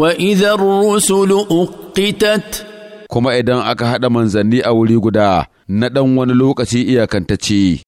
Wa idan rusulu ukitat kuma idan aka haɗa manzanni a wuri guda na ɗan wani lokaci iyakantacce.